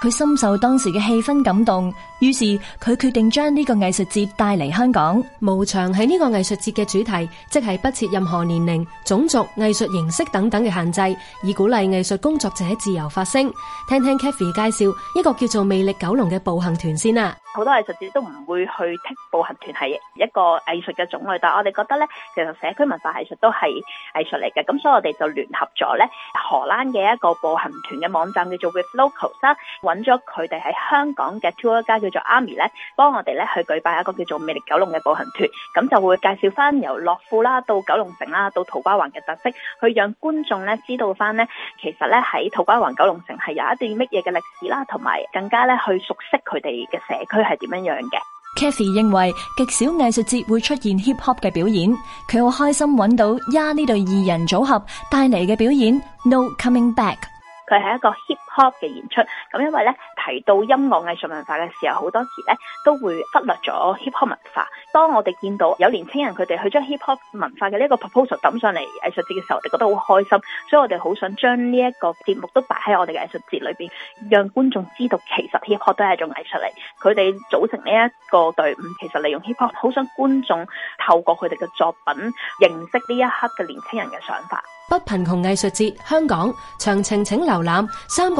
佢深受當時嘅氣氛感動，於是佢決定將呢個藝術節帶嚟香港。無牆喺呢個藝術節嘅主題，即係不設任何年齡、種族、藝術形式等等嘅限制，以鼓勵藝術工作者自由發聲。聽聽 Kathy 介紹一個叫做魅力九龍嘅步行團先啦，啊。好多藝術節都唔會去剔步行團係一個藝術嘅種類，但係我哋覺得咧，其實社區文化藝術都係藝術嚟嘅，咁所以我哋就聯合咗咧荷蘭嘅一個步行團嘅網站叫做 With Locals，揾咗佢哋喺香港嘅 tour guide 叫做 Amy 咧，幫我哋咧去舉辦一個叫做魅力九龍嘅步行團，咁就會介紹翻由樂富啦到九龍城啦到土瓜灣嘅特色，去讓觀眾咧知道翻咧其實咧喺土瓜灣九龍城係有一段乜嘢嘅歷史啦，同埋更加咧去熟悉佢哋嘅社區。係點樣樣嘅？Kathy 認為極少藝術節會出現 hip hop 嘅表演，佢好開心揾到呀呢對二人組合帶嚟嘅表演 No Coming Back。佢係一個 hip。hip hop 嘅演出，咁因為咧提到音樂藝術文化嘅時候，好多時咧都會忽略咗 hip hop 文化。當我哋見到有年輕人佢哋去將 hip hop 文化嘅呢個 proposal 抌上嚟藝術節嘅時候，我哋覺得好開心，所以我哋好想將呢一個節目都擺喺我哋嘅藝術節裏邊，讓觀眾知道其實 hip hop 都係一種藝術嚟。佢哋組成呢一個隊伍，其實利用 hip hop，好想觀眾透過佢哋嘅作品認識呢一刻嘅年輕人嘅想法。不貧窮藝術節，香港詳情請瀏覽三個